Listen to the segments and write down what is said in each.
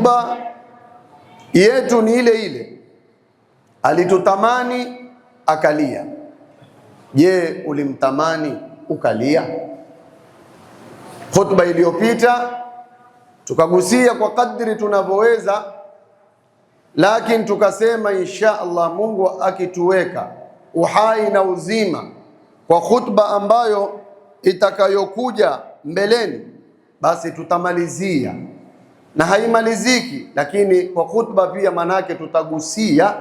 khutba yetu ni ile ile, alitutamani akalia. Je, ulimtamani ukalia? Khutba iliyopita tukagusia kwa kadri tunavyoweza, lakini tukasema insha Allah Mungu akituweka uhai na uzima kwa khutba ambayo itakayokuja mbeleni, basi tutamalizia na haimaliziki, lakini kwa khutba pia manake tutagusia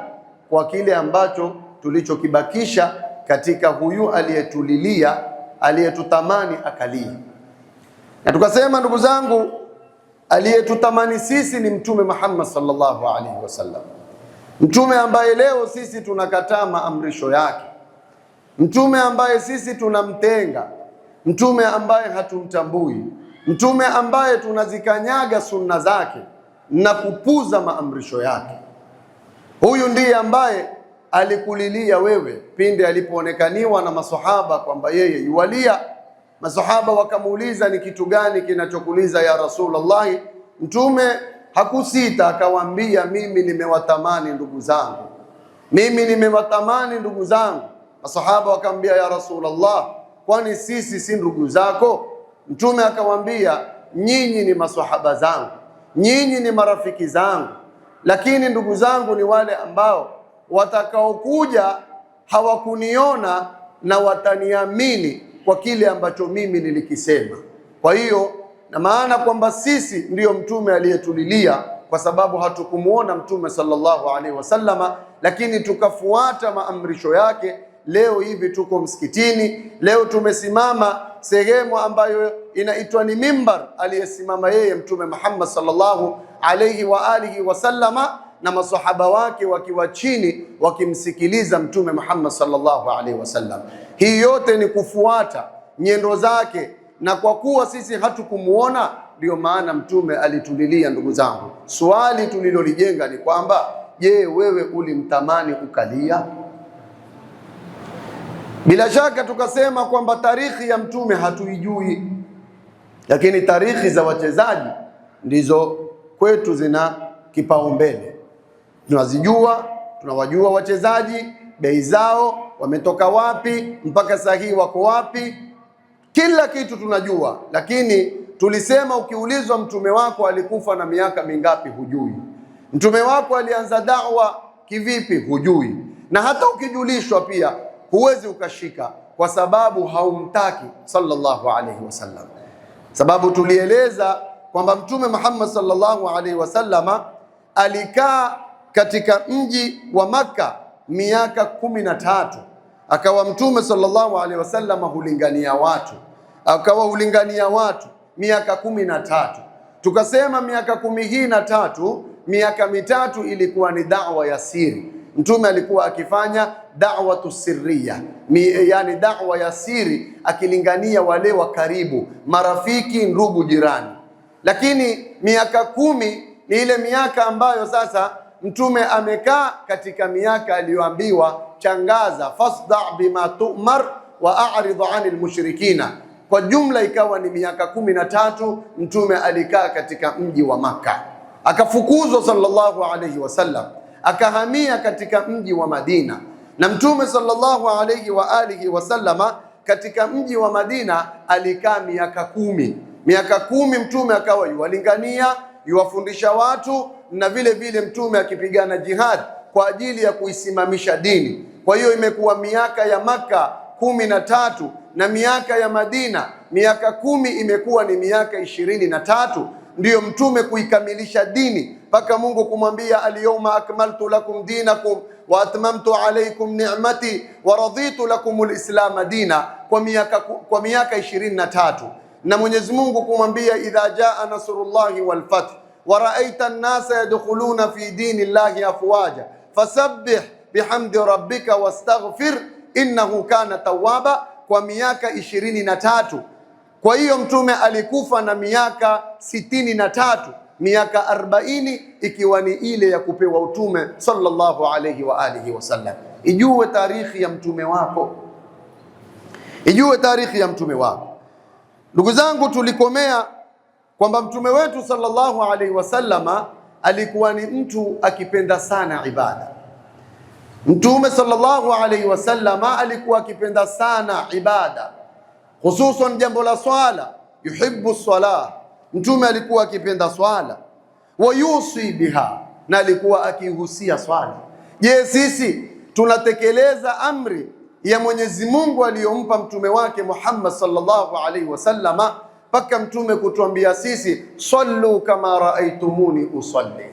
kwa kile ambacho tulichokibakisha katika huyu aliyetulilia aliyetutamani akalia. Na tukasema ndugu zangu, aliyetutamani sisi ni Mtume Muhammad sallallahu alaihi wasallam, mtume ambaye leo sisi tunakataa maamrisho yake, mtume ambaye sisi tunamtenga, mtume ambaye hatumtambui Mtume ambaye tunazikanyaga sunna zake na kupuza maamrisho yake, huyu ndiye ambaye alikulilia wewe pindi alipoonekaniwa na masahaba kwamba yeye yualia. Masahaba wakamuuliza ni kitu gani kinachokuliza ya Rasulullahi? Mtume hakusita akawaambia, mimi nimewatamani ndugu zangu, mimi nimewatamani ndugu zangu. Masahaba wakamwambia, ya Rasulullah, kwani sisi si ndugu zako? Mtume akawaambia, nyinyi ni maswahaba zangu, nyinyi ni marafiki zangu, lakini ndugu zangu ni wale ambao watakaokuja hawakuniona na wataniamini kwa kile ambacho mimi nilikisema. Kwa hiyo na maana kwamba sisi ndiyo mtume aliyetulilia kwa sababu hatukumuona mtume sallallahu alaihi wasallama, lakini tukafuata maamrisho yake. Leo hivi tuko msikitini, leo tumesimama sehemu ambayo inaitwa ni mimbar aliyesimama yeye Mtume Muhammad sallallahu alayhi wa alihi wasallama na masahaba wake wakiwa chini wakimsikiliza Mtume Muhammad sallallahu alaihi wasallam. Hii yote ni kufuata nyendo zake, na kwa kuwa sisi hatukumuona ndiyo maana Mtume alitulilia. Ndugu zangu, swali tulilolijenga ni kwamba je, wewe ulimtamani ukalia? Bila shaka tukasema kwamba tarikhi ya mtume hatuijui, lakini tarikhi za wachezaji ndizo kwetu zina kipaumbele. Tunazijua, tunawajua wachezaji, bei zao, wametoka wapi, mpaka saa hii wako wapi, kila kitu tunajua. Lakini tulisema ukiulizwa, mtume wako alikufa na miaka mingapi? Hujui. Mtume wako alianza dawa kivipi? Hujui. Na hata ukijulishwa pia huwezi ukashika kwa sababu haumtaki sallallahu alaihi wasallam. Sababu tulieleza kwamba Mtume Muhammad sallallahu alaihi wasallama alikaa katika mji wa Makka miaka kumi na tatu akawa Mtume sallallahu alaihi wasallama hulingania watu akawa hulingania watu miaka kumi na tatu. Tukasema miaka kumi hii na tatu, miaka mitatu ilikuwa ni dawa ya siri Mtume alikuwa akifanya da'watu sirriya, yani da'wa ya siri, akilingania wale wa karibu, marafiki, ndugu, jirani. Lakini miaka kumi ni ile miaka ambayo sasa Mtume amekaa katika miaka aliyoambiwa changaza, fasda bima tumar wa a'rid anil mushrikina. Kwa jumla ikawa ni miaka kumi na tatu Mtume alikaa katika mji wa Makka, akafukuzwa sallallahu alayhi wasallam akahamia katika mji wa Madina, na Mtume sallallahu alayhi wa alihi wasallama katika mji wa Madina alikaa miaka kumi. Miaka kumi Mtume akawa yuwalingania, yuwafundisha watu, na vile vile Mtume akipigana jihad kwa ajili ya kuisimamisha dini. Kwa hiyo imekuwa miaka ya Maka kumi na tatu na miaka ya Madina miaka kumi imekuwa ni miaka ishirini na tatu ndiyo mtume kuikamilisha dini mpaka Mungu kumwambia alyawma akmaltu lakum dinakum wa atmamtu alaykum ni'mati wa raditu lakum alislama dina, kwa miaka kwa miaka 23 na Mwenyezi Mungu kumwambia idha jaa nasrullahi wal fath wa ra'aita an-nasa yadkhuluna fi dini llahi afwaja fasabbih bihamdi rabbika wastaghfir innahu kana tawwaba, kwa miaka ishirini na tatu. Kwa hiyo mtume alikufa na miaka sitini na tatu, miaka arbaini ikiwa ni ile ya kupewa utume sallallahu alayhi wa alihi wasallam. Ijue tarikhi ya mtume wako, ijue tarikhi ya mtume wako. Ndugu zangu, tulikomea kwamba mtume wetu sallallahu alayhi wasallama alikuwa ni mtu akipenda sana ibada. Mtume sallallahu alayhi wasallama alikuwa akipenda sana ibada hususan jambo la swala. Yuhibbu swala, Mtume alikuwa akipenda swala. Wayusi biha, na alikuwa akihusia swala. Je, sisi tunatekeleza amri ya Mwenyezi Mungu aliyompa mtume wake Muhammad sallallahu alaihi wasallama, mpaka mtume kutuambia sisi sallu kama raaitumuni usalli,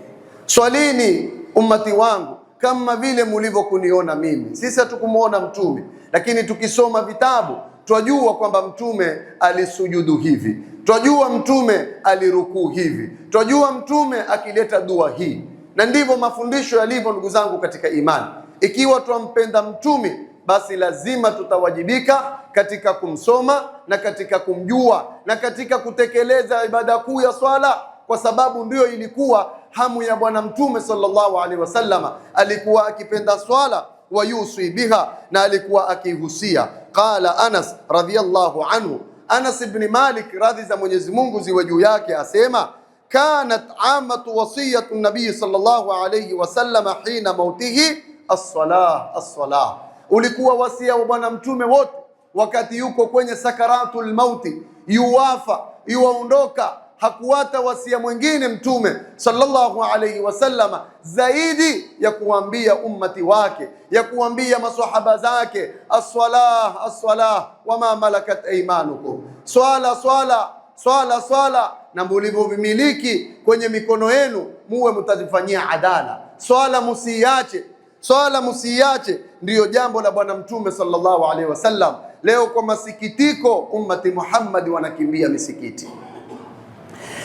swalini ummati wangu kama vile mulivyokuniona mimi. Sisi hatukumuona mtume, lakini tukisoma vitabu Twajua kwamba mtume alisujudu hivi, twajua mtume alirukuu hivi, twajua mtume akileta dua hii. Na ndivyo mafundisho yalivyo, ndugu zangu katika imani. Ikiwa twampenda mtume, basi lazima tutawajibika katika kumsoma na katika kumjua na katika kutekeleza ibada kuu ya swala, kwa sababu ndiyo ilikuwa hamu ya Bwana Mtume sallallahu alaihi wasallam. Alikuwa akipenda swala, wayusi biha, na alikuwa akihusia Qala Anas radhiyallahu anhu, Anas ibn Malik, radhi za Mwenyezi Mungu ziwe juu yake, asema kanat amatu wasiyatu nabii sallallahu alayhi wasallam hina mautihi as-salah as-salah, ulikuwa wasia wa bwana mtume wote wakati yuko kwenye sakaratul mauti, yuwafa yuwaondoka hakuwata wasia mwingine Mtume sallallahu alaihi wasallama zaidi ya kuambia ummati wake, ya kuambia maswahaba zake, aswalah aswalah wama malakat aimanukum, swala swala swala swala, na mulivyovimiliki kwenye mikono yenu muwe mtazifanyia adala. Swala musiiache, swala musiiache, ndiyo jambo la Bwana Mtume sallallahu alaihi wasallam. Leo kwa masikitiko, ummati muhammadi wanakimbia misikiti.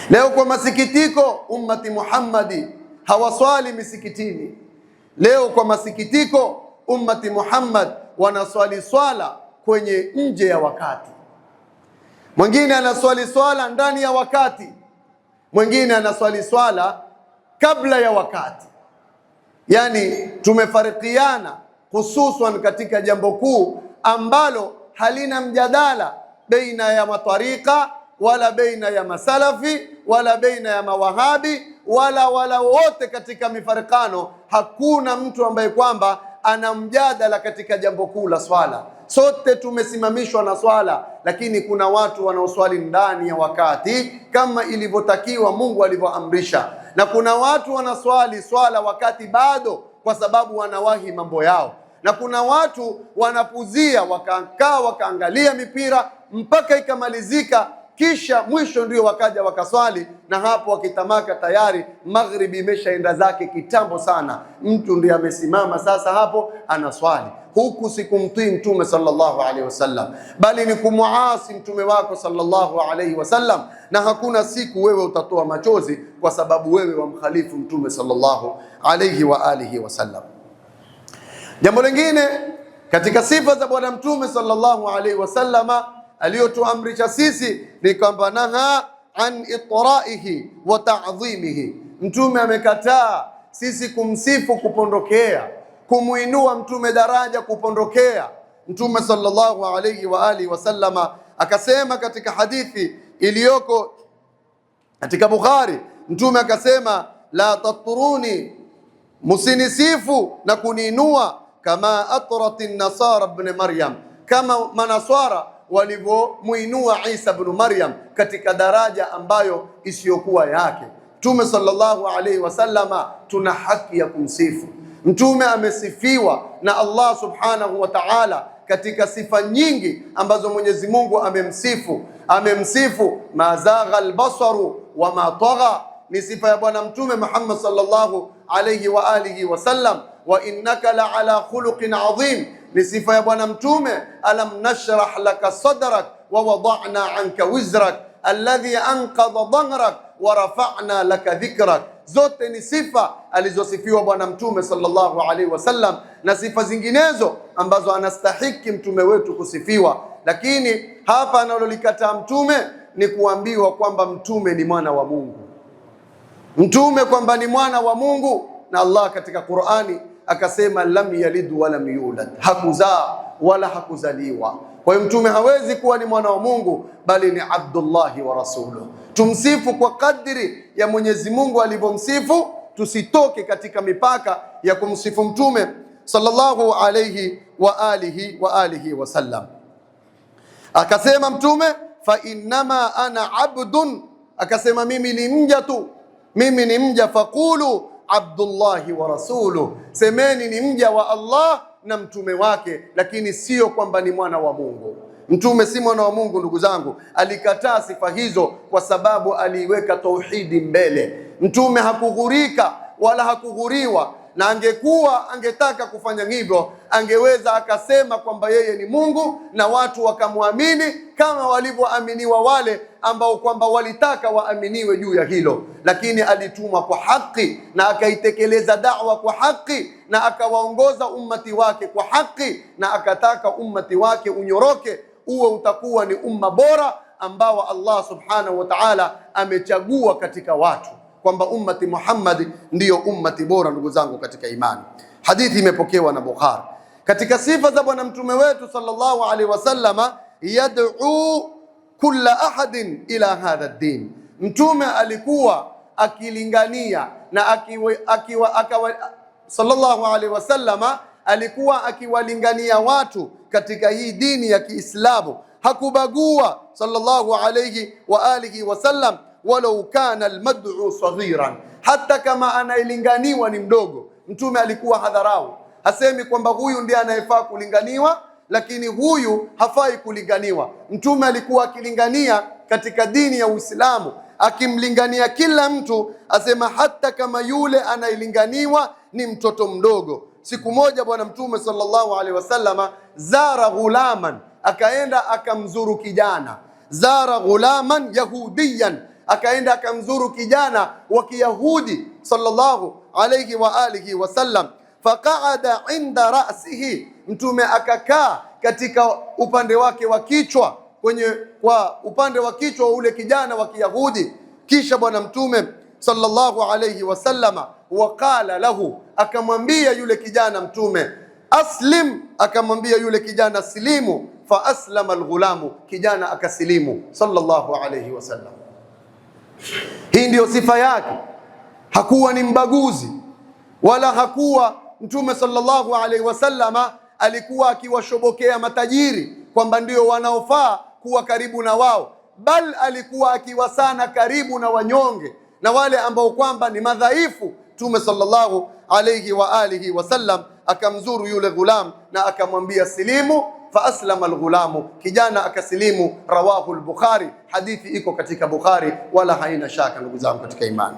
Leo kwa masikitiko, ummati Muhammadi hawaswali misikitini. Leo kwa masikitiko, ummati Muhammad wanaswali swala kwenye nje ya wakati, mwingine anaswali swala ndani ya wakati, mwingine anaswali swala kabla ya wakati. Yani tumefarikiana hususan katika jambo kuu ambalo halina mjadala baina ya matarika wala baina ya masalafi wala baina ya mawahabi wala wala wote katika mifarikano. Hakuna mtu ambaye kwamba ana mjadala katika jambo kuu la swala. Sote tumesimamishwa na swala, lakini kuna watu wanaoswali ndani ya wakati kama ilivyotakiwa Mungu alivyoamrisha, na kuna watu wanaswali swala wakati bado, kwa sababu wanawahi mambo yao, na kuna watu wanapuzia, wakakaa wakaangalia mipira mpaka ikamalizika kisha mwisho ndio wakaja wakaswali, na hapo wakitamaka tayari maghribi imeshaenda zake kitambo sana. Mtu ndiye amesimama sasa hapo anaswali, huku sikumtii Mtume sallallahu alaihi wasallam, bali ni kumuasi mtume wako sallallahu alaihi wasallam. Na hakuna siku wewe utatoa machozi kwa sababu wewe wamkhalifu Mtume sallallahu alaihi wa alihi wasallam. Jambo lingine katika sifa za Bwana Mtume sallallahu alaihi wasallama aliyotuamrisha sisi ni kwamba naha an itraihi wa ta'dhimihi, mtume amekataa sisi kumsifu kupondokea, kumuinua mtume daraja kupondokea. Mtume sallallahu alayhi wa alihi wasallama akasema katika hadithi iliyoko katika Bukhari, mtume akasema la tatruni musinisifu na kuniinua, kama atrati nasara ibn Maryam, kama manaswara walivyomwinua Isa bnu Maryam katika daraja ambayo isiyokuwa yake. Mtume sallallahu alaihi wasallama, tuna haki ya kumsifu mtume. Amesifiwa na Allah subhanahu wa ta'ala katika sifa nyingi ambazo Mwenyezi Mungu amemsifu amemsifu, mazagha albasaru wa matagha, ni sifa ya Bwana Mtume Muhammad sallallahu alayhi wa alihi wasallam. Wa innaka la ala khuluqin adhim ni sifa ya Bwana Mtume, alam nashrah laka sadrak wa wada'na anka wizrak alladhi anqadha dhahrak wa rafa'na laka dhikrak. Zote ni sifa alizosifiwa Bwana Mtume sallallahu alaihi wasallam na sifa zinginezo ambazo anastahiki mtume wetu kusifiwa, lakini hapa analolikataa mtume ni kuambiwa kwamba mtume ni mwana wa Mungu, mtume kwamba ni mwana wa Mungu, na Allah katika Qur'ani akasema lam yalid walam yulad, hakuzaa wala hakuzaliwa. Kwa hiyo mtume hawezi kuwa ni mwana wa Mungu, bali ni abdullahi wa rasuluh Tumsifu kwa kadri ya Mwenyezi Mungu alivyomsifu, tusitoke katika mipaka ya kumsifu mtume sallallahu alayhi wa alihi wa alihi sallam. Akasema mtume fa innama ana abdun, akasema mimi ni mja tu, mimi ni mja. fakulu abdullahi wa rasuluh, semeni ni mja wa Allah na mtume wake, lakini sio kwamba ni mwana wa Mungu. Mtume si mwana wa Mungu, ndugu zangu. Alikataa sifa hizo kwa sababu aliiweka tauhidi mbele. Mtume hakughurika wala hakughuriwa na angekuwa angetaka kufanya hivyo angeweza akasema kwamba yeye ni Mungu na watu wakamwamini kama walivyoaminiwa wale ambao kwamba walitaka waaminiwe juu ya hilo, lakini alitumwa kwa haki na akaitekeleza da'wa kwa haki na akawaongoza ummati wake kwa haki na akataka ummati wake unyoroke, uwe utakuwa ni umma bora ambao Allah subhanahu wa ta'ala amechagua katika watu kwamba ummati Muhammad ndiyo ummati bora. Ndugu zangu katika imani, hadithi imepokewa na Bukhari. Katika sifa za bwana mtume wetu sallallahu alaihi wasallama, yad'u kulla ahadin ila hadha din, mtume alikuwa akilingania na akiwa, akiwa, akawa, sallallahu alaihi wasallama alikuwa akiwalingania watu katika hii dini ya Kiislamu, hakubagua sallallahu alaihi wa alihi wasallam walau kana almad'u saghiran, hata kama anayelinganiwa ni mdogo. Mtume alikuwa hadharau, hasemi kwamba huyu ndiye anayefaa kulinganiwa, lakini huyu hafai kulinganiwa. Mtume alikuwa akilingania katika dini ya Uislamu, akimlingania kila mtu, asema hata kama yule anayelinganiwa ni mtoto mdogo. Siku moja Bwana Mtume sallallahu alaihi wasallama zara ghulaman, akaenda akamzuru kijana, zara ghulaman yahudiyan akaenda akamzuru kijana wa Kiyahudi sallallahu alayhi wa alihi wasallam, faqaada inda rasihi, mtume akakaa katika upande wake wa kichwa, kwenye kwa upande wa kichwa wa ule kijana wa Kiyahudi. Kisha bwana mtume sallallahu alayhi wasallama waqala lahu, akamwambia yule kijana mtume aslim, akamwambia yule kijana silimu. Fa aslama alghulamu, kijana akasilimu sallallahu alayhi wasallam. Hii ndiyo sifa yake. Hakuwa ni mbaguzi wala hakuwa. Mtume sallallahu alaihi wasallama alikuwa akiwashobokea matajiri kwamba ndio wanaofaa kuwa karibu na wao, bal alikuwa akiwa sana karibu na wanyonge na wale ambao kwamba ni madhaifu. Mtume sallallahu alaihi wa alihi wasallam akamzuru yule ghulam na akamwambia silimu fa aslama alghulamu, kijana akasilimu. Rawahu al-Bukhari, hadithi iko katika Bukhari, wala haina shaka ndugu zangu katika imani.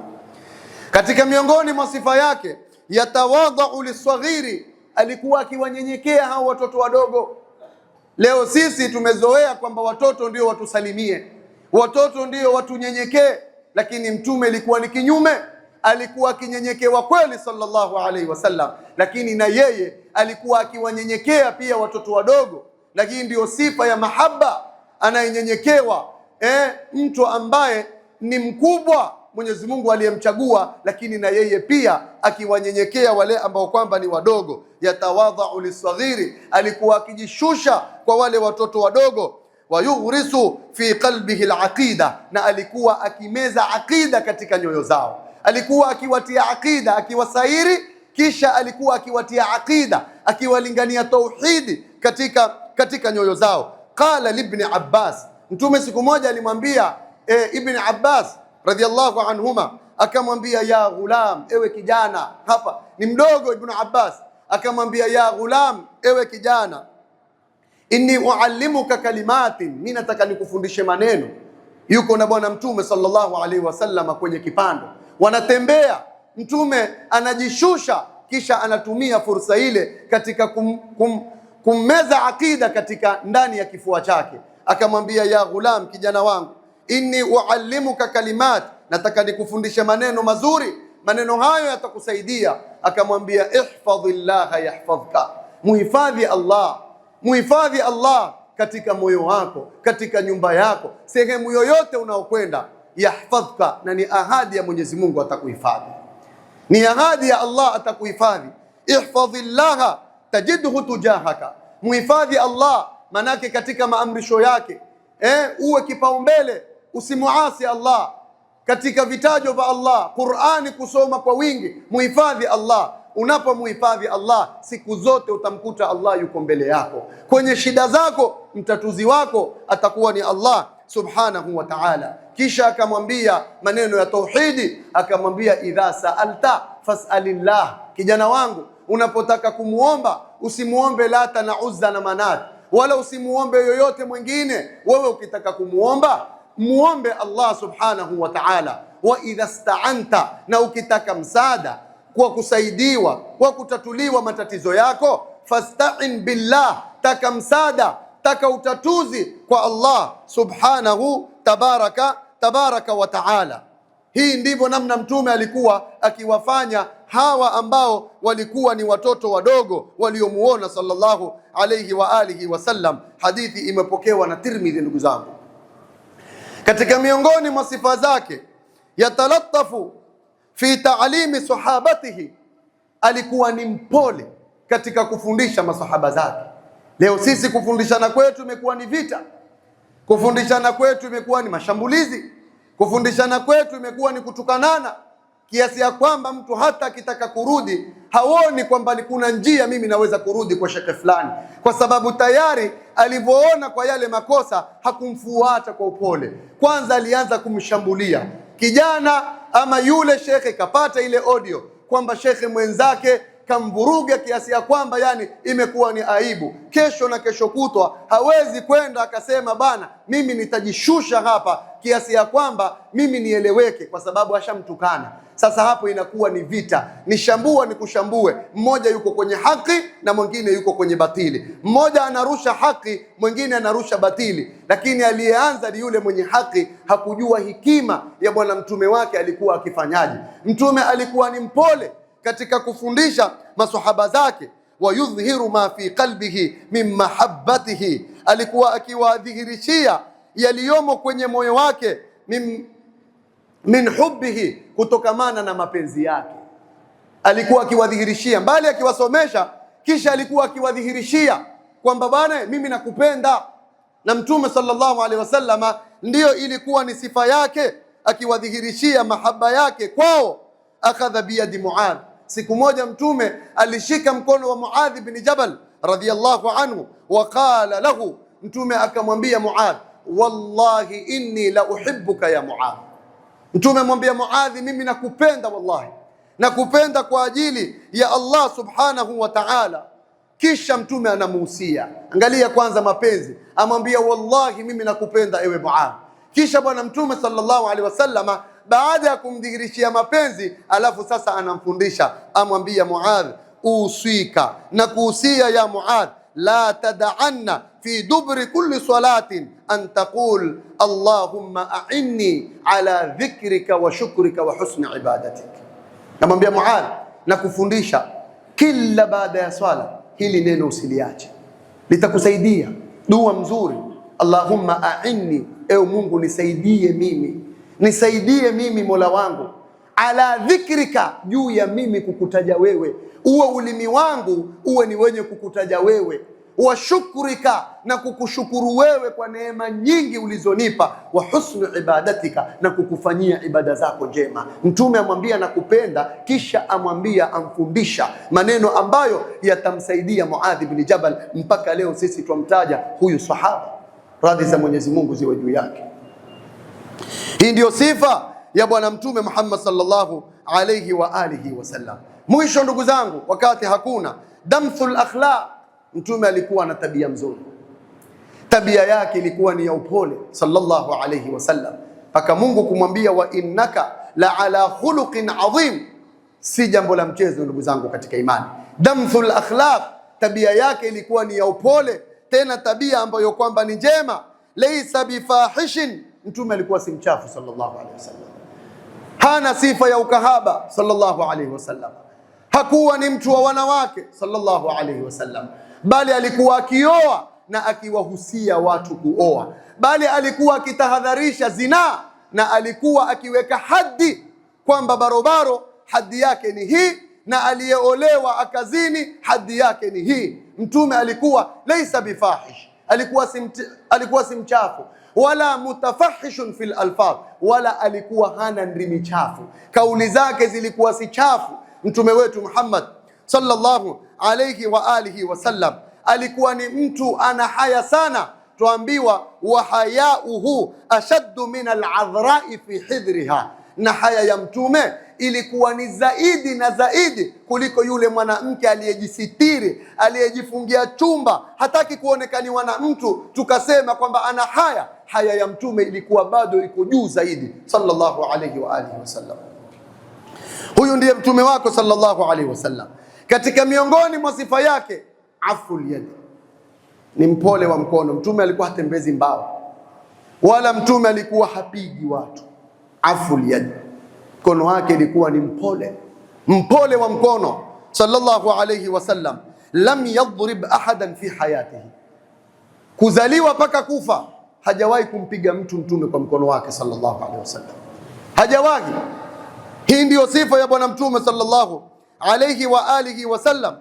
Katika miongoni mwa sifa yake, yatawadhau liswaghiri, alikuwa akiwanyenyekea hao watoto wadogo. Leo sisi tumezoea kwamba watoto ndio watusalimie, watoto ndio watunyenyekee, lakini mtume ilikuwa ni kinyume alikuwa akinyenyekewa kweli sallallahu alaihi wasallam, lakini na yeye alikuwa akiwanyenyekea pia watoto wadogo. Lakini ndiyo sifa ya mahaba, anayenyenyekewa eh, mtu ambaye ni mkubwa Mwenyezi Mungu aliyemchagua, lakini na yeye pia akiwanyenyekea wale ambao kwamba ni wadogo. Yatawadhau lisaghiri, alikuwa akijishusha kwa wale watoto wadogo. Wayughrisu fi qalbihi alaqida, na alikuwa akimeza aqida katika nyoyo zao alikuwa akiwatia aqida, akiwasairi, kisha alikuwa akiwatia aqida, akiwalingania tauhidi katika, katika nyoyo zao. Qala libni Abbas, Mtume siku moja alimwambia e, Ibni Abbas radhiallahu anhuma, akamwambia ya ghulam, ewe kijana. Hapa ni mdogo Ibnu Abbas akamwambia ya ghulam, ewe kijana, inni uallimuka kalimatin, mi nataka nikufundishe maneno. Yuko na Bwana Mtume sallallahu alaihi wasallam kwenye kipando wanatembea, Mtume anajishusha, kisha anatumia fursa ile katika kum, kum, kummeza akida katika ndani ya kifua chake, akamwambia ya ghulam, kijana wangu, inni uallimuka kalimat, nataka nikufundishe maneno mazuri, maneno hayo yatakusaidia. Akamwambia ihfadhillaha yahfadhka, muhifadhi Allah, muhifadhi Allah katika moyo wako, katika nyumba yako, sehemu yoyote unaokwenda yahfadhka, na ni ahadi ya Mwenyezi Mungu atakuhifadhi, ni ahadi ya Allah atakuhifadhi. Ihfadhillaha tajidhu tujahaka, muhifadhi Allah manake katika maamrisho yake eh, uwe kipaumbele, usimuasi Allah katika vitajo vya Allah, Qur'ani kusoma kwa wingi, muhifadhi Allah. unapomhifadhi Allah siku zote utamkuta Allah yuko mbele yako kwenye shida zako, mtatuzi wako atakuwa ni Allah subhanahu wa ta'ala. Kisha akamwambia maneno ya tauhidi, akamwambia idha saalta fasalillah, kijana wangu, unapotaka kumwomba usimuombe Lata na Uzza na Manat, wala usimuombe yoyote mwingine. Wewe ukitaka kumwomba muombe Allah subhanahu wa ta'ala. Wa idha staanta, na ukitaka msaada kwa kusaidiwa kwa kutatuliwa matatizo yako, fastain billah, taka msaada taka utatuzi kwa Allah subhanahu tabaraka tabaraka wa taala. Hii ndivyo namna Mtume alikuwa akiwafanya hawa ambao walikuwa ni watoto wadogo waliomuona sallallahu alayhi wa alihi wasallam. Hadithi imepokewa na Tirmidhi. Ndugu zangu, katika miongoni mwa sifa zake yatalatafu fi taalimi sahabatihi, alikuwa ni mpole katika kufundisha masahaba zake. Leo sisi kufundishana kwetu imekuwa ni vita, kufundishana kwetu imekuwa ni mashambulizi, kufundishana kwetu imekuwa ni kutukanana, kiasi ya kwamba mtu hata akitaka kurudi haoni kwamba kuna njia mimi naweza kurudi kwa shekhe fulani, kwa sababu tayari alivyoona kwa yale makosa hakumfuata kwa upole. Kwanza alianza kumshambulia kijana ama yule shekhe, ikapata ile audio kwamba shekhe mwenzake kamvuruga kiasi ya kwamba yani imekuwa ni aibu. Kesho na kesho kutwa hawezi kwenda akasema bana, mimi nitajishusha hapa kiasi ya kwamba mimi nieleweke, kwa sababu ashamtukana. Sasa hapo inakuwa ni vita, ni shambua ni kushambue. Mmoja yuko kwenye haki na mwingine yuko kwenye batili, mmoja anarusha haki, mwingine anarusha batili, lakini aliyeanza ni yule mwenye haki. Hakujua hikima ya Bwana Mtume wake alikuwa akifanyaje. Mtume alikuwa ni mpole katika kufundisha masahaba zake wa yudhhiru ma fi qalbihi min mahabbatihi, alikuwa akiwadhihirishia yaliyomo kwenye moyo wake min, min hubbihi, kutokamana na mapenzi yake. Alikuwa akiwadhihirishia mbali, akiwasomesha, kisha alikuwa akiwadhihirishia kwamba bwana, mimi nakupenda. Na Mtume sallallahu alaihi wasallama ndiyo ilikuwa ni sifa yake, akiwadhihirishia mahaba yake kwao. Akhadha biyadi Muadh Siku moja Mtume alishika mkono wa Muadh bin Jabal radhiyallahu anhu, waqala lahu, Mtume akamwambia Muadh, wallahi inni la uhibbuka ya Muadh. Mtume amwambia Muadh, mimi nakupenda wallahi, nakupenda kwa ajili ya Allah subhanahu wa ta'ala. Kisha Mtume anamuhusia, angalia kwanza mapenzi, amwambia wallahi, mimi nakupenda ewe Muadh. Kisha Bwana Mtume sallallahu alaihi wasallama baada ya kumdhihirishia mapenzi, alafu sasa anamfundisha amwambia Muadh, uswika na kuhusia ya Muadh, la tada'anna fi dubri kulli salatin an taqul allahumma a'inni ala dhikrika wa shukrika wa husni ibadatik. Namwambia Muadh na kufundisha kila baada ya swala, hili neno usiliache, litakusaidia dua mzuri. Allahumma a'inni, ewe Mungu nisaidie mimi Nisaidie mimi Mola wangu, ala dhikrika, juu ya mimi kukutaja wewe, uwe ulimi wangu uwe ni wenye kukutaja wewe washukurika, na kukushukuru wewe kwa neema nyingi ulizonipa, wa husnu ibadatika, na kukufanyia ibada zako njema. Mtume amwambia nakupenda, kisha amwambia amfundisha maneno ambayo yatamsaidia Muadhi bni Jabal. Mpaka leo sisi twamtaja huyu sahaba, radhi za Mwenyezi Mungu ziwe juu yake. Hii ndiyo sifa ya Bwana Mtume Muhammad sallallahu alayhi wa alihi wasallam. Mwisho ndugu zangu, wakati hakuna damthul akhlaq, Mtume alikuwa na tabia mzuri tabia yake ilikuwa ni ya upole sallallahu alayhi wasallam, mpaka Mungu kumwambia wa innaka la ala khuluqin adhim. Si jambo la mchezo ndugu zangu katika imani. Damthul akhlaq, tabia yake ilikuwa ni ya upole, tena tabia ambayo kwamba ni njema, laisa bifahishin Mtume alikuwa si mchafu sallallahu alaihi wasallam, hana sifa ya ukahaba sallallahu alaihi wasallam, hakuwa ni mtu wa wanawake sallallahu alaihi wasallam, bali alikuwa akioa na akiwahusia watu kuoa, bali alikuwa akitahadharisha zinaa na alikuwa akiweka haddi kwamba barobaro haddi yake ni hii, na aliyeolewa akazini haddi yake ni hii. Mtume alikuwa laisa bifahish, alikuwa si mchafu wala mutafahishun fil alfadh, wala alikuwa hana ndimi chafu, kauli zake zilikuwa si chafu. Mtume wetu Muhammad sallallahu alayhi wa alihi wasallam alikuwa ni mtu ana haya sana. twambiwa wa hayauhu ashaddu min aladhrai fi hidhriha, na haya ya mtume ilikuwa ni zaidi na zaidi kuliko yule mwanamke aliyejisitiri aliyejifungia chumba hataki kuonekaniwa na mtu, tukasema kwamba ana haya haya ya mtume ilikuwa bado iko juu zaidi, sallallahu alayhi wa alihi wasallam. Huyu ndiye mtume wako sallallahu alayhi wasallam. Katika miongoni mwa sifa yake aful yadi, ni mpole wa mkono. Mtume alikuwa hatembezi mbao, wala mtume alikuwa hapigi watu. Aful yadi, mkono wake ilikuwa ni mpole, mpole wa mkono sallallahu alayhi wasallam. Lam yadhrib ahadan fi hayatihi, kuzaliwa paka kufa hajawahi kumpiga mtu mtume kwa mkono wake sallallahu alaihi wasallam, hajawahi. Hii ndiyo sifa ya bwana mtume sallallahu alaihi wa alihi wasallam.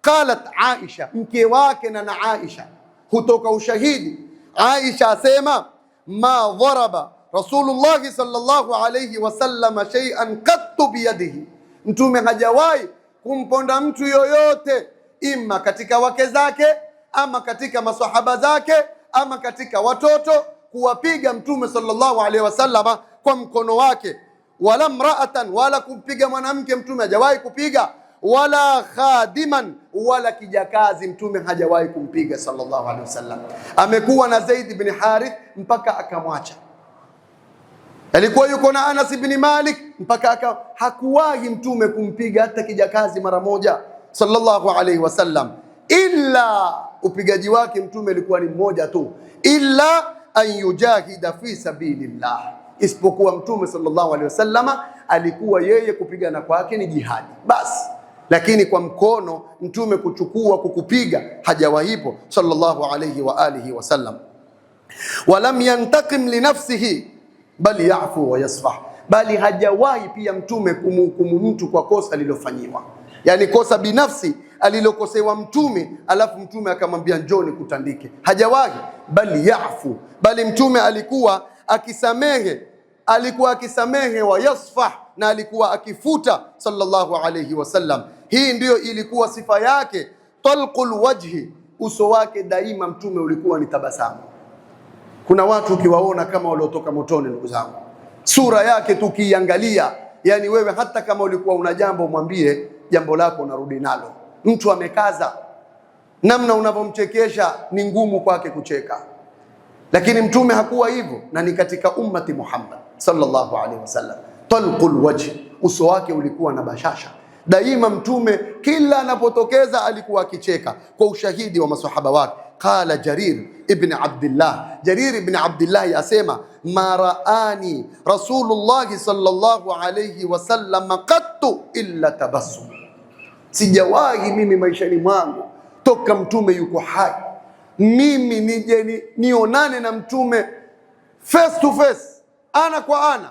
Qalat Aisha, mke wake na na Aisha hutoka ushahidi. Aisha asema ma dharaba Rasulullahi sallallahu alaihi wasallam shay'an qattu biyadihi, mtume hajawahi kumponda mtu yoyote, imma katika wake zake ama katika masahaba zake ama katika watoto kuwapiga Mtume sallallahu alaihi wasallama kwa mkono wake, wala mraatan, wala kumpiga mwanamke. Mtume hajawahi kupiga, wala khadiman, wala kijakazi. Mtume hajawahi kumpiga sallallahu alaihi wasallam. Amekuwa na Zaid bin Harith mpaka akamwacha, alikuwa yuko na Anas ibn Malik mpaka aka, hakuwahi Mtume kumpiga hata kijakazi mara moja sallallahu alaihi wasallam ila upigaji wake mtume alikuwa ni mmoja tu, illa an yujahida fi sabilillah, isipokuwa mtume sallallahu alaihi wasallama alikuwa yeye kupigana kwake ni jihadi basi, lakini kwa mkono mtume kuchukua kukupiga hajawahipo sallallahu alaihi wa alihi wasallam. Walam yantakim linafsihi bal yafu wa yasfah, bali hajawahi pia mtume kumhukumu mtu kwa kosa alilofanyiwa yani kosa binafsi alilokosewa Mtume, alafu Mtume akamwambia njoni kutandike. Hajawahi bali yafu, bali Mtume alikuwa akisamehe, alikuwa akisamehe wa yasfah, na alikuwa akifuta sallallahu alayhi wasallam. Hii ndiyo ilikuwa sifa yake, talqul wajhi, uso wake daima Mtume ulikuwa ni tabasamu. Kuna watu ukiwaona kama waliotoka motoni, ndugu zangu, sura yake tukiiangalia, yani wewe hata kama ulikuwa una jambo mwambie jambo lako unarudi nalo. Mtu amekaza, namna unavyomchekesha ni ngumu kwake kucheka, lakini mtume hakuwa hivyo, na ni katika ummati Muhammad sallallahu alaihi wasallam. Talqul wajh, uso wake ulikuwa na bashasha daima. Mtume kila anapotokeza alikuwa akicheka, kwa ushahidi wa masahaba wake. Qala Jarir ibn Abdillah, Jarir ibn Abdillahi asema ma raani Rasulullahi sallallahu alayhi wasallam qattu illa tabassum Sijawahi mimi maishani mwangu toka mtume yuko hai, mimi nije nionane na mtume face to face, ana kwa ana,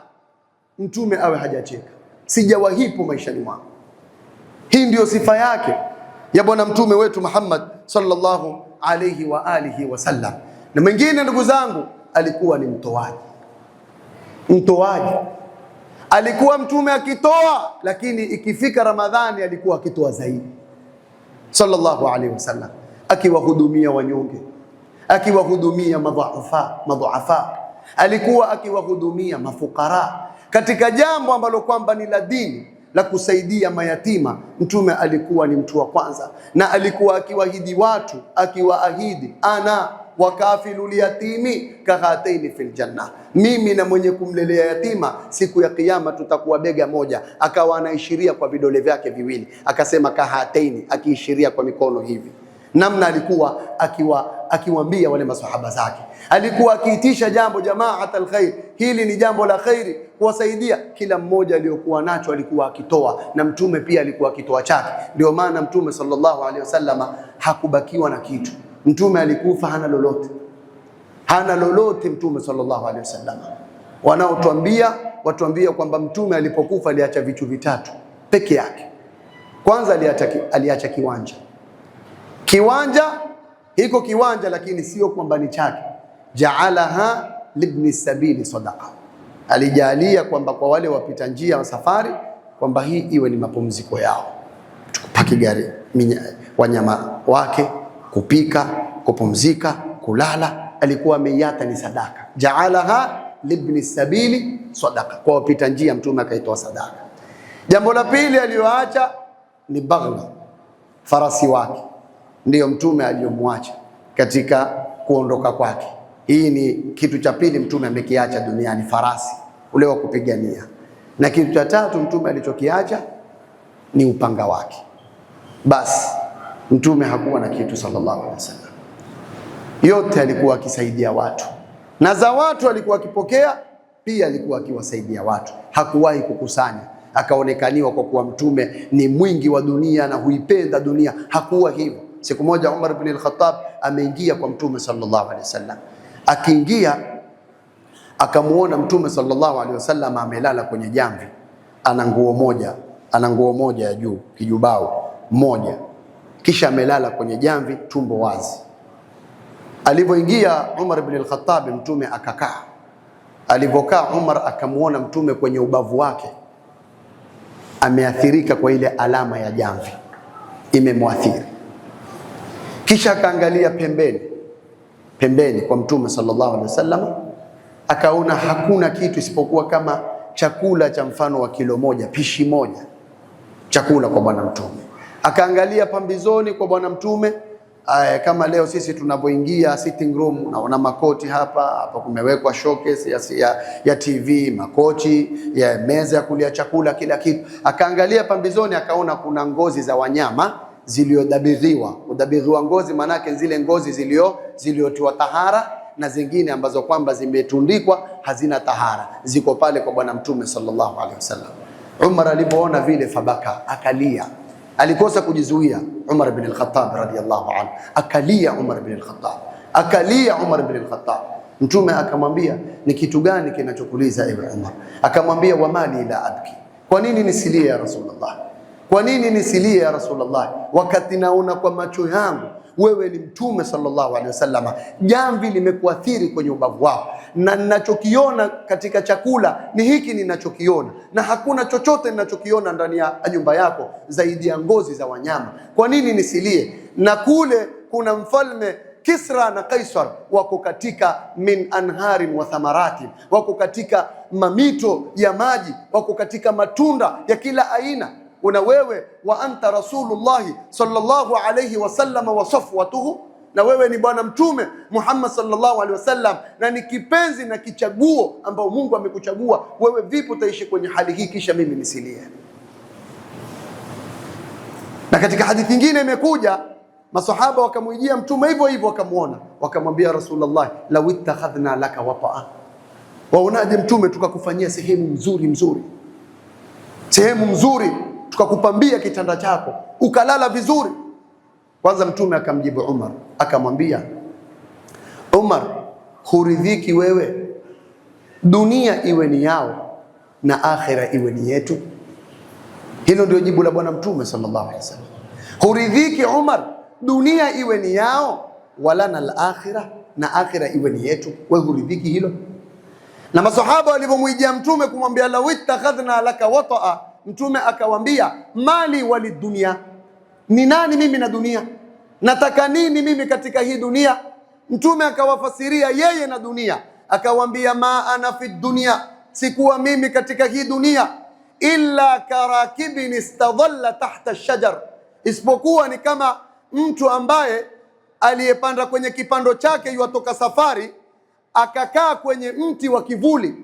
mtume awe hajacheka. Sijawahipo maishani mwangu. Hii ndiyo sifa yake ya bwana mtume wetu Muhammad sallallahu alayhi wa alihi wasallam. Na mwingine, ndugu zangu, alikuwa ni mtoaji, mtoaji alikuwa mtume akitoa, lakini ikifika Ramadhani alikuwa akitoa zaidi, sallallahu alaihi wasallam, akiwahudumia wanyonge, akiwahudumia madhaafa madhaafa, alikuwa akiwahudumia mafukara, katika jambo ambalo kwamba ni la dini la kusaidia mayatima. Mtume alikuwa ni mtu wa kwanza, na alikuwa akiwaahidi watu, akiwaahidi ana wa liyatimi yatimi kahataini fil janna, mimi na mwenye kumlelea yatima siku ya Kiyama tutakuwa bega moja. Akawa anaishiria kwa vidole vyake viwili, akasema kahataini, akiishiria kwa mikono hivi namna alikuwa akiwa akiwaambia wale maswahaba zake, alikuwa akiitisha jambo jamaat alkhair, hili ni jambo la khairi, kuwasaidia kila mmoja aliyokuwa nacho, alikuwa akitoa na mtume pia alikuwa akitoa chake. Ndio maana mtume sallallahu alaihi wasallama hakubakiwa na kitu. Mtume alikufa hana lolote, hana lolote Mtume sallallahu alaihi wasallam. Wanaotuambia watuambia kwamba Mtume alipokufa aliacha vitu vitatu peke yake. Kwanza aliacha, aliacha kiwanja. Kiwanja hiko kiwanja, lakini sio kwamba ni chake. Jaalaha libni sabili sadaqa, alijalia kwamba kwa wale wapita njia wa safari kwamba hii iwe ni mapumziko yao, tukupaki gari wanyama wake kupika, kupumzika, kulala, alikuwa ameiata ni sadaka. Jaalaha libni sabili sadaka, kwa wapita njia Mtume akaitoa sadaka. Jambo la pili aliyoacha ni baghla, farasi wake ndiyo Mtume aliyomwacha katika kuondoka kwake. Hii ni kitu cha pili Mtume amekiacha duniani, farasi ule wa kupigania. Na kitu cha tatu Mtume alichokiacha ni upanga wake basi Mtume hakuwa na kitu sallallahu alaihi wasallam, yote alikuwa akisaidia watu na za watu alikuwa akipokea pia, alikuwa akiwasaidia watu, hakuwahi kukusanya. Akaonekaniwa kwa kuwa mtume ni mwingi wa dunia na huipenda dunia, hakuwa hivyo. Siku moja Umar ibn al-Khattab ameingia kwa mtume sallallahu alaihi wasallam, akiingia akamuona mtume sallallahu alaihi wasallam amelala kwenye jamvi, ana nguo moja, ana nguo moja ya juu, kijubao moja kisha amelala kwenye jamvi, tumbo wazi. Alivyoingia Umar ibn al-Khattab, mtume akakaa. Alivyokaa Umar akamwona mtume kwenye ubavu wake ameathirika kwa ile alama ya jamvi, imemwathiri. Kisha akaangalia pembeni pembeni kwa mtume sallallahu alaihi wasallam, akaona hakuna kitu isipokuwa kama chakula cha mfano wa kilo moja, pishi moja, chakula kwa bwana mtume akaangalia pambizoni kwa Bwana Mtume. Ae, kama leo sisi tunapoingia sitting room naona makoti hapa hapa, kumewekwa showcase ya, ya, ya TV makochi ya meza ya kulia chakula kila kitu. Akaangalia pambizoni akaona kuna ngozi za wanyama ziliyodabiriwa. Kudabiriwa ngozi maanake zile ngozi zilio ziliotiwa tahara na zingine ambazo kwamba zimetundikwa hazina tahara, ziko pale kwa Bwana Mtume sallallahu alaihi wasallam. Umar alipoona vile, fabaka akalia Alikosa kujizuia Umar bin al-Khattab radhiyallahu anhu, akalia Umar bin al-Khattab, akalia Umar bin al-Khattab. Mtume akamwambia ni kitu gani kinachokuliza ewe Umar? Akamwambia wa mali la abki, kwa nini nisilie ya Rasulullah? Kwa nini nisilie ya Rasulullah wakati naona kwa macho yangu wewe ni Mtume sallallahu alaihi wasallam, jamvi limekuathiri kwenye ubavu wao, na ninachokiona katika chakula ni hiki ninachokiona, na hakuna chochote ninachokiona ndani ya nyumba yako zaidi ya ngozi za wanyama. Kwa nini nisilie? Na kule kuna mfalme Kisra na Kaisar wako katika min anharin wa thamaratin, wako katika mamito ya maji, wako katika matunda ya kila aina una wewe wa anta rasulullahi sallallahu alayhi wasallam wa safwatuhu, na wewe ni bwana mtume Muhammad sallallahu alaihi wasallam na ni kipenzi na kichaguo ambao Mungu amekuchagua wewe. Vipi utaishi kwenye hali hii kisha mimi nisilie? Na katika hadithi nyingine imekuja masahaba wakamwijia mtume hivyo hivyo, wakamwona wakamwambia, Rasulullah, law ittakhadhna laka wapaa waonaje mtume tukakufanyia sehemu nzuri nzuri, sehemu nzuri tukakupambia kitanda chako ukalala vizuri. Kwanza Mtume akamjibu Umar akamwambia, Umar, huridhiki wewe dunia iwe ni yao na akhira iwe ni yetu? Hilo ndio jibu la Bwana Mtume sallallahu alaihi wasallam. Huridhiki Umar, dunia iwe ni yao walana na akhira na akhira iwe ni yetu? Wewe huridhiki hilo? Na masahaba walivyomwijia Mtume kumwambia, law ittakhadhna laka wataa Mtume akawambia, mali walidunia, ni nani mimi na dunia? Nataka nini mimi katika hii dunia? Mtume akawafasiria yeye na dunia, akawambia, ma ana fi dunia, sikuwa mimi katika hii dunia, illa karakibin istadhalla tahta shajar, isipokuwa ni kama mtu ambaye aliyepanda kwenye kipando chake yuatoka safari, akakaa kwenye mti wa kivuli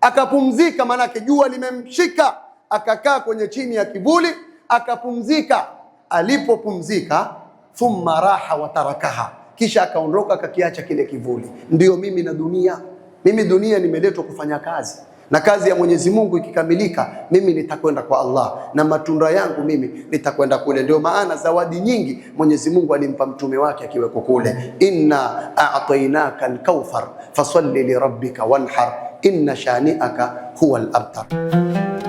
akapumzika, maanake jua limemshika akakaa kwenye chini ya kivuli akapumzika. Alipopumzika, thumma raha watarakaha, kisha akaondoka akakiacha kile kivuli. Ndiyo mimi na dunia. Mimi dunia nimeletwa kufanya kazi na kazi ya Mwenyezi Mungu ikikamilika, mimi nitakwenda kwa Allah na matunda yangu mimi nitakwenda kule. Ndio maana zawadi nyingi Mwenyezi Mungu alimpa mtume wake akiweko kule, inna a'tainaka al-kauthar fasalli li rabbika wanhar inna shani'aka huwa al-abtar.